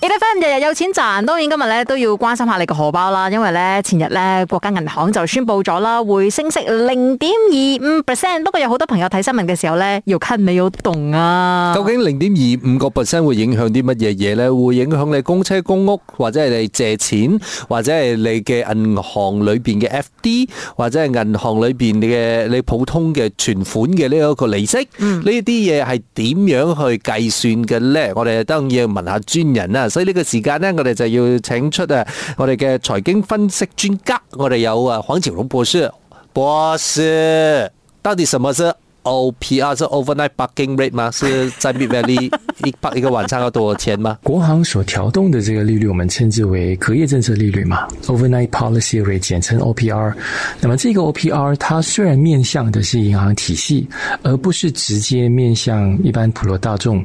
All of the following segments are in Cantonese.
你 v e r y 日日有錢賺，當然今日咧，都要關心下你個荷包啦。因為咧，前日咧，國家銀行就宣佈咗啦，會升息零點二五 percent。不過有好多朋友睇新聞嘅時候咧，要咳你要動啊。究竟零點二五個 percent 會影響啲乜嘢嘢咧？會影響你公車公屋，或者係你借錢，或者係你嘅銀行裏邊嘅 FD，或者係銀行裏邊嘅你普通嘅存款嘅呢一個利息？呢啲嘢係點樣去計算嘅咧？我哋當然要問下專人啦。所以呢個時間呢，我哋就要請出啊，我哋嘅財經分析專家，我哋有啊，黃錦榮博士。博士，到底什麼是 OPR？是 overnight parking rate 嗎？是在 Midvalley 一 park 一個晚上要多少錢嗎？國行所調動的這個利率，我們稱之為隔夜政策利率嘛，overnight policy rate，簡稱 OPR。那麼這個 OPR，它雖然面向的是銀行體系，而不是直接面向一般普羅大眾。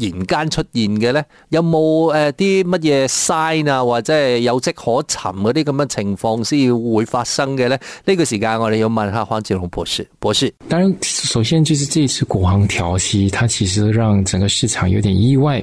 現間出現嘅呢，有冇誒啲乜嘢 sign 啊，或者係有跡可尋嗰啲咁嘅情況先會發生嘅呢？呢、這個時間我哋要問下黃錦榮博士，博士。當然，首先就是這次國行調息，它其實讓整個市場有點意外。